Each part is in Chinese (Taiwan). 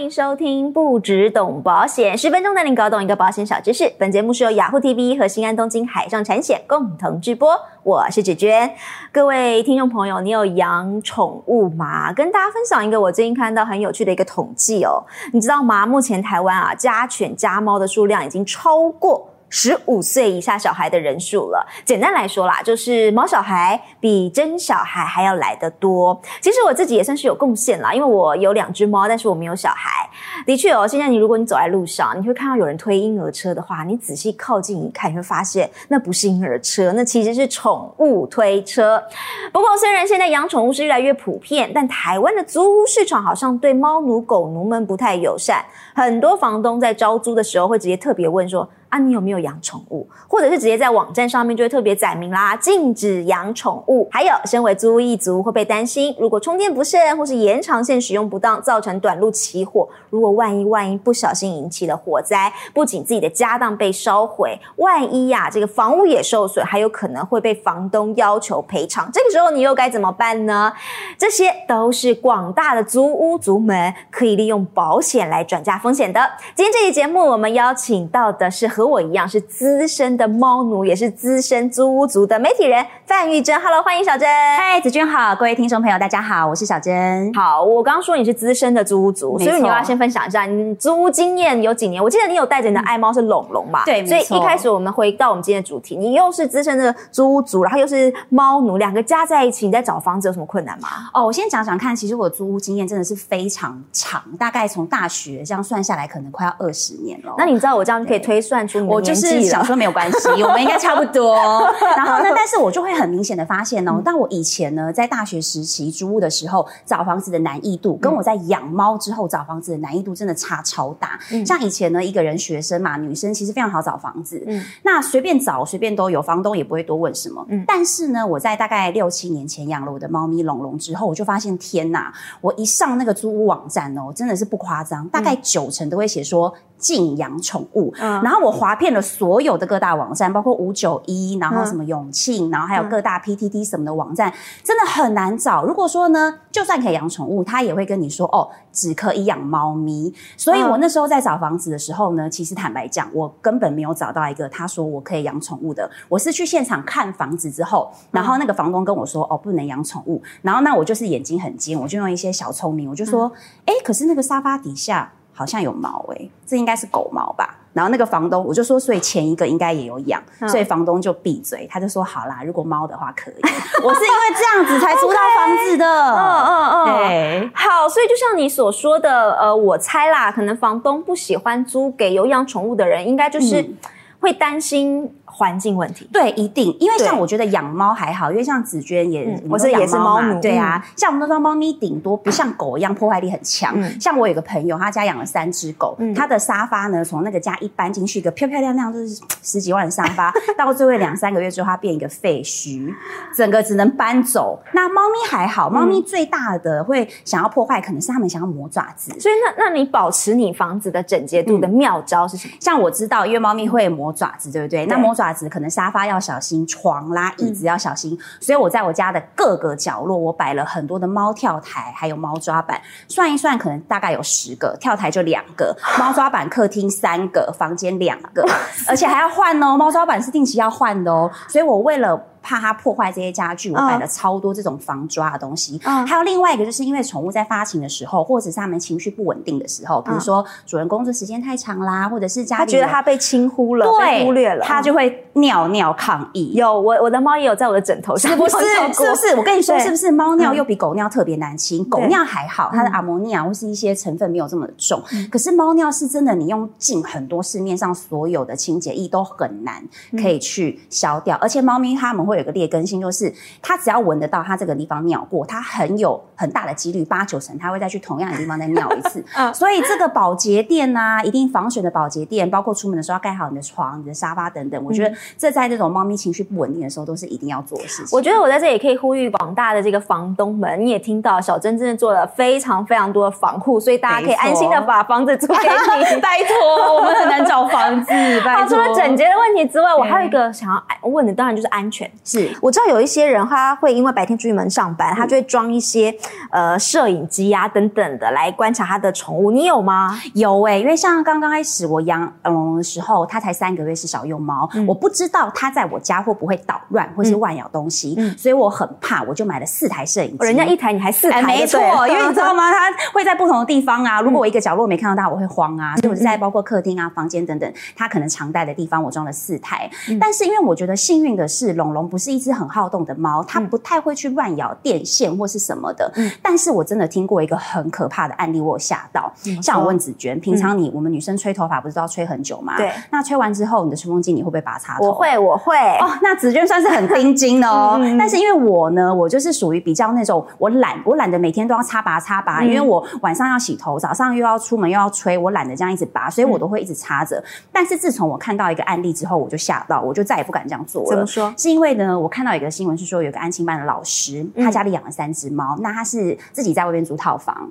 歡迎收聽《不芷懂保險》，十分鐘帶您搞懂一個保險小知識。本節目是由雅虎 TV 和新安東京海上產險共同直播。我是芷娟，各位聽眾朋友，你有養寵物嗎？跟大家分享一個我最近看到很有趣的一個統計哦。你知道嗎？目前台灣啊，家犬、家貓的數量已經超過十五歲以下小孩的人數了。簡單來說啦，就是毛小孩比真小孩還要來得多。其實我自己也算是有貢獻啦，因為我有兩只貓，但是我沒有小孩。的確哦，現在你如果你走在路上，你會看到有人推嬰兒車的話，你仔細靠近一看，你會發現那不是嬰兒車，那其實是寵物推車。不過雖然現在養寵物是越來越普遍，但台灣的租屋市場好像對貓奴、狗奴們不太友善。很多房東在招租的時候會直接特別問說，啊，你有沒有養寵物？或者是直接在網站上面就會特別載明啦，禁止養寵物。還有，身為租屋一族，會被擔心如果充電不慎，或是延長線使用不當造成短路起火，如果萬一萬一不小心引起了火災，不僅自己的家當被燒毀，萬一呀、啊、這個房屋也受損，還有可能會被房東要求賠償。這個時候你又該怎麼辦呢？這些都是廣大的租屋族們可以利用保險來轉嫁風險的。今天這期節目我們邀請到的是。和我一樣是資深的貓奴，也是資深租屋族的媒體人范玉珍。Hello，歡迎小珍。嗨，子君好，各位聽眾朋友，大家好，我是小珍。好，我剛剛說你是資深的租屋族，所以你要先分享一下你租屋經驗有幾年？我記得你有帶着你的愛貓是龍龍吧？嗯、對沒錯，所以一開始我們回到我們今天的主題，你又是資深的租屋族，然後又是貓奴，兩個加在一起，你在找房子有什麼困難嗎？哦，我先講講看，其實我的租屋經驗真的是非常長，大概從大學這樣算下來，可能快要二十年了。那你知道我這樣可以推算？我就是想說沒有關係， 我們應該差不多、哦。 然後呢，但是我就會很明顯的發現哦，當、嗯、我以前呢，在大學時期租屋的時候，找房子的難易度跟我在養貓之後找房子的難易度真的差超大。嗯、像以前呢，一個人學生嘛，女生其實非常好找房子，嗯，那隨便找隨便都有，房東也不會多問什麼。嗯，但是呢，我在大概六七年前養了我的貓咪龍龍之後，我就發現天吶，我一上那個租屋網站哦，真的是不誇張，大概九成都會寫說。嗯嗯禁養寵物、嗯，然後我劃片滑遍了所有的各大網站，包括五九一，然後什麼永慶、嗯、然後還有各大 PTT 什麼的網站、嗯，真的很難找。如果說呢，就算可以養寵物，他也會跟你說哦，只可以養貓咪。所以我那時候在找房子的時候呢，其實坦白講，我根本沒有找到一個他說我可以養寵物的。我是去現場看房子之後，然後那個房東跟我說哦，不能養寵物。然後那我就是眼睛很尖，我就用一些小聰明，我就說，哎、嗯，可是那個沙發底下。好像有毛哎、欸，這應該是狗毛吧？然後那個房東我就說，所以前一個應該也有養，所以房東就閉嘴，他就說好啦，如果貓的話可以。 我是因為這樣子才租到房子的。嗯嗯嗯，好，所以就像你所說的，呃，我猜啦，可能房東不喜歡租給有養寵物的人，應該就是會擔心、嗯。環境問題。對，一定，因為像我覺得養貓還好，因為像芷娟也，我、嗯、是也是貓奴。對啊，嗯、像我們都說貓咪頂多不像狗一樣破壞力很強，嗯，像我有個朋友，他家養了三隻狗，嗯，他的沙發呢從那個家一搬進去一個漂漂亮亮，就是十幾萬的沙發，到最後兩三個月之後它變一個廢墟。 整個只能搬走。那貓咪還好，貓咪最大的會想要破壞，可能是他們想要磨爪子，嗯、所以那那你保持你房子的整潔度的妙招是什麼？嗯、像我知道，因為貓咪會磨爪子，對不對？對那磨。可能沙發要小心，床啦、椅子要小心，嗯、所以我在我家的各個角落，我擺了很多的貓跳台，還有貓抓板。算一算，可能大概有十個跳台，就兩個貓抓板，客廳三個，房間兩個， 而且還要換哦。貓抓板是定期要換的哦，所以我為了。怕它破壞這些家具，我買了超多這種防抓的東西。嗯、還有另外一個，就是因為寵物在發情的時候，或者是它們情緒不穩定的時候，比如說主人工作時間太長啦，或者是家它覺得它被輕忽了，對，忽略了，它就會尿尿抗議。有我我的貓也有在我的枕頭上，是不是，是不是，我跟你說是不是？貓尿又比狗尿特別難清，狗尿還好，它的阿莫 o n 或是一些成分沒有這麼重，可是貓尿是真的，你用盡很多市面上所有的清潔液都很難可以去消掉，嗯、而且貓咪它們會有一個劣根性，就是它只要聞得到它這個地方尿過，它很有很大的幾率，八九成它會再去同樣的地方再尿一次。 嗯，所以這個保潔墊啊，一定防水的保潔墊，包括出門的時候要蓋好你的床，你的沙發等等。我覺得這在這種貓咪情緒不穩定的時候，都是一定要做的事情。嗯、我覺得我在這裡也可以呼籲廣大的這個房東們，你也聽到小珍真的做了非常非常多的防護，所以大家可以安心的把房子租給你。 拜托，我們很難找房子。拜托，除了整潔的問題之外，我還有一個想要問的，嗯、當然就是安全。是我知道有一些人他會因為白天出門上班，他就會裝一些呃攝影機啊等等的來觀察他的寵物。你有嗎？有誒、欸，因為像剛剛開始我養龍龍的時候，它才三個月，是小幼貓、嗯，我不知道它在我家會不會倒亂或是亂咬東西、嗯，所以我很怕，我就買了四台攝影機。人家一台，你還四台、欸，沒錯，因為你知道嗎？它會在不同的地方啊。嗯、如果我一個角落沒看到它，我會慌啊。嗯、所以我就在包括客廳啊、房間等等，它可能常待的地方，我裝了四台、嗯。但是因為我覺得幸運的是，龍龍不是一隻很好動的貓，它不太會去亂咬電線或是什麼的、嗯。但是我真的聽過一個很可怕的案例，我有嚇到、嗯。像我問芷娟、嗯，平常你我們女生吹頭髮不是都要吹很久嗎？對，那吹完之後，你的吹風機你會不會拔插頭？我會，我會。哦，那芷娟算。 就是很頂真的哦、嗯，但是因為我呢，我就是屬於比較那種我懶，我懶得每天都要插拔插拔、嗯，因為我晚上要洗頭，早上又要出門又要吹，我懶得這樣一直拔，所以我都會一直插着、嗯。但是自從我看到一個案例之後，我就嚇到，我就再也不敢這樣做了。怎麼說？是因為呢，我看到一個新聞是說，有個安親班的老師，他家裡養了三隻貓，嗯、那他是自己在外邊租套房，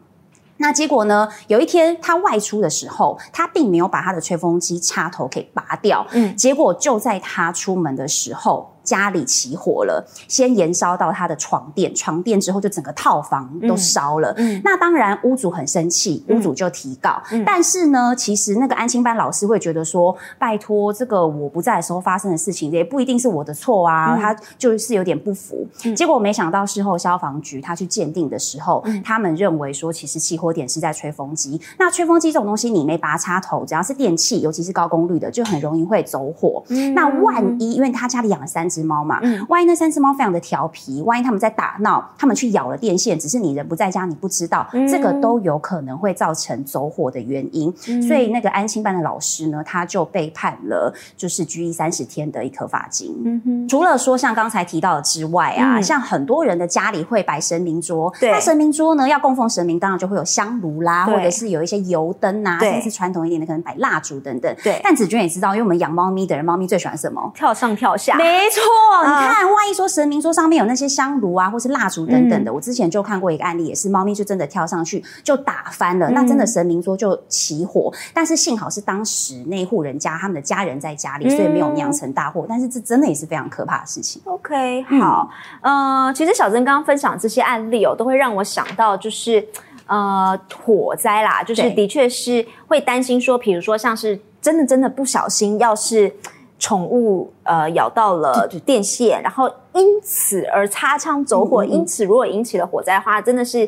那結果呢，有一天他外出的時候，他並沒有把他的吹風機插頭給拔掉，嗯，結果就在他出門的時候。家裡起火了，先延燒到他的床墊，床墊之後就整個套房都燒了、嗯。那當然屋主很生氣、嗯，屋主就提告、嗯。但是呢，其實那個安心班老師會覺得說，拜托，這個我不在的時候發生的事情，也不一定是我的錯啊。他、嗯、就是有點不服、嗯。結果沒想到事後消防局他去鑑定的時候、嗯，他們認為說，其實起火點是在吹風機。那吹風機這種東西，你沒拔插頭，只要是電器，尤其是高功率的，就很容易會走火。嗯、那萬一因為他家裡養了三只。貓嘛，嗯，萬一那三只貓非常的調皮，萬一他們在打鬧，他們去咬了電線，只是你人不在家，你不知道，嗯、這個都有可能會造成走火的原因。嗯、所以那個安親班的老師呢，他就被判了就是拘役三十天的一顆罰金。除了說像剛才提到的之外啊、嗯，像很多人的家裡會擺神明桌，對，那神明桌呢要供奉神明，當然就會有香爐啦，或者是有一些油燈啊，甚至傳統一點的可能擺蠟燭等等。對，但子君也知道，因為我們養貓咪的人，貓咪最喜歡什麼？跳上跳下，沒錯。錯、哦，你看，萬一說神明桌上面有那些香爐啊，或是蠟燭等等的、嗯，我之前就看過一個案例，也是貓咪就真的跳上去就打翻了、嗯，那真的神明桌就起火，但是幸好是當時那戶人家他們的家人在家裡，所以沒有釀成大禍、嗯。但是這真的也是非常可怕的事情。OK，好，嗯、呃其實小珍剛剛分享這些案例哦，都會讓我想到就是呃火災啦，就是的確是會擔心說，比如說像是真的真的不小心，要是。寵物呃咬到了就是電線，然後因此而擦槍走火，嗯嗯因此如果引起了火災的話，真的是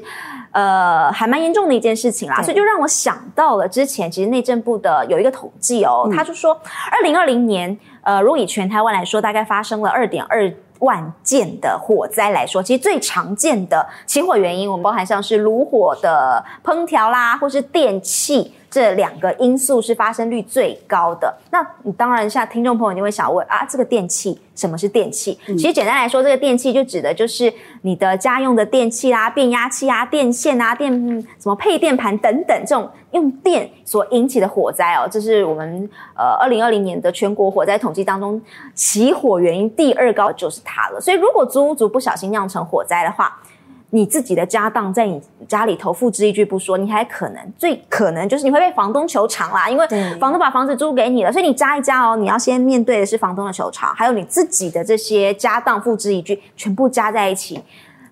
呃還蠻嚴重的一件事情啦。所以就讓我想到了之前，其實內政部的有一個統計哦，他、嗯、就說二零二零年呃，如果以全台灣來說，大概發生了二點二萬件的火災來說，其實最常見的起火原因，我們包含像是爐火的烹調啦，或是電器。這兩個因素是發生率最高的。那你當然，現在聽眾朋友你會想問啊，這個電器什麼是電器？嗯。其實簡單來說，這個電器就指的，就是你的家用的電器啦、啊、變壓器啊、電線啊、電什麼配電盤等等，這種用電所引起的火災哦，這是我們呃二零二零年的全國火災統計當中起火原因第二高就是它了。所以，如果租屋族不小心釀成火災的話，你自己的家當在你家裡頭付之一炬不說，你還可能最可能就是你會被房東求償啦，因為房東把房子租給你了，所以你加一加哦，你要先面對的是房東的求償，還有你自己的這些家當付之一炬，全部加在一起，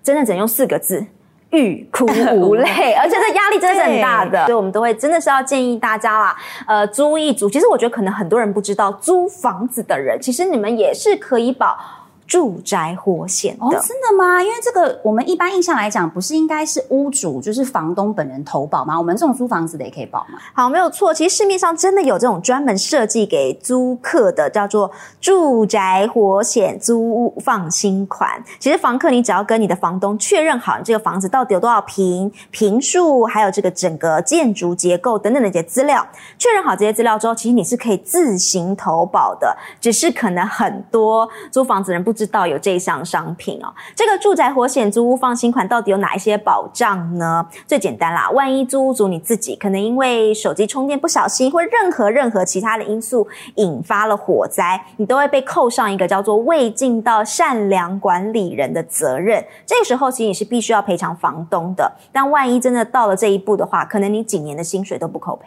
真的只能用四個字：欲哭無淚。 而且這壓力真的是很大的對，所以我們都會真的是要建議大家啦，呃，租一租。其實我覺得可能很多人不知道，租房子的人其實你們也是可以保。住宅火險的，哦，真的嗎？因為這個，我們一般印象來講，不是應該是屋主就是房東本人投保嗎？我們這種租房子的也可以保嗎？好，沒有錯，其實市面上真的有這種專門設計給租客的，叫做住宅火險租屋放心款。其實房客你只要跟你的房東確認好，你這個房子到底有多少坪、坪數，還有這個整個建築結構等等的一些資料，確認好這些資料之後，其實你是可以自行投保的，只是可能很多租房子人不知道有這項商品哦，這個住宅火險租屋放心款到底有哪一些保障呢？最簡單啦，萬一租屋主你自己可能因為手機充電不小心，或任何任何其他的因素引發了火災，你都會被扣上一個叫做未盡到善良管理人的責任。這個時候其實你是必須要賠償房東的。但萬一真的到了這一步的話，可能你幾年的薪水都不夠賠。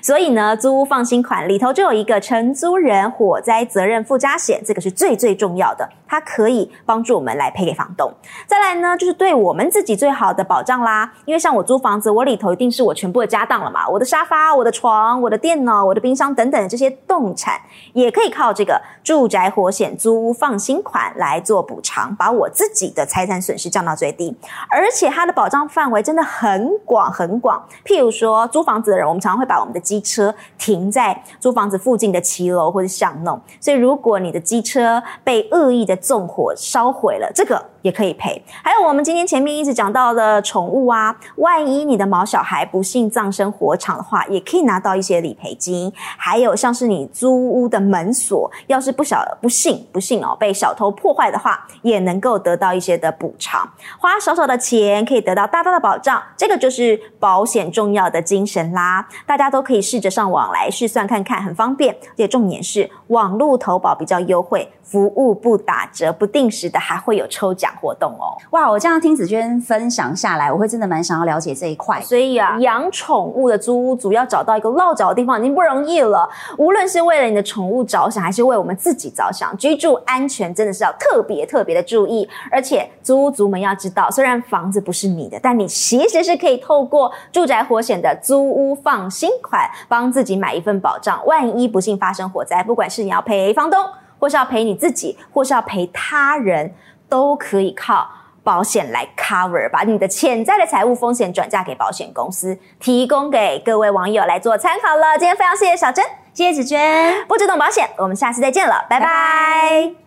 所以呢，租屋放心款裡頭就有一個承租人火災責任附加險，這個是最最重要的。它可以幫助我們來賠給房東。再來呢，就是對我們自己最好的保障啦。因為像我租房子，我裡頭一定是我全部的家當了嘛，我的沙發、我的床、我的電腦、我的冰箱等等的這些動產，也可以靠這個住宅火險租屋放心款來做補償，把我自己的財產損失降到最低。而且它的保障範圍真的很廣很廣。譬如說租房子的人，我們常常會把我們的機車停在租房子附近的騎樓或者巷弄，所以如果你的機車被惡意的縱火燒毀了這個，也可以賠，還有我們今天前面一直講到的寵物啊，萬一你的毛小孩不幸葬身火場的話，也可以拿到一些理賠金。還有像是你租屋的門鎖，要是不小，不幸不幸哦，被小偷破壞的話，也能夠得到一些的補償。花少少的錢，可以得到大大的保障，這個就是保險重要的精神啦。大家都可以試着上網來試算看看，很方便。而且重點是網絡投保比較優惠，服務不打折，不定時的還會有抽獎。活動哦，哇！我這樣聽子娟分享下來，我會真的蠻想要了解這一塊。所以啊，養寵物的租屋族要找到一個落腳的地方已經不容易了，無論是為了你的寵物着想，還是為我們自己着想，居住安全真的是要特別特別的注意。而且，租屋族們要知道，雖然房子不是你的，但你其實是可以透過住宅火險的租屋放心款，幫自己買一份保障。萬一不幸發生火災，不管是你要賠房東，或是要賠你自己，或是要賠他人。都可以靠保險來 cover，把你的潛在的財務風險轉嫁給保險公司，提供給各位網友來做參考了。今天非常謝謝小珍，謝謝子娟，不芷懂保險，我們下次再見了，拜拜。拜拜。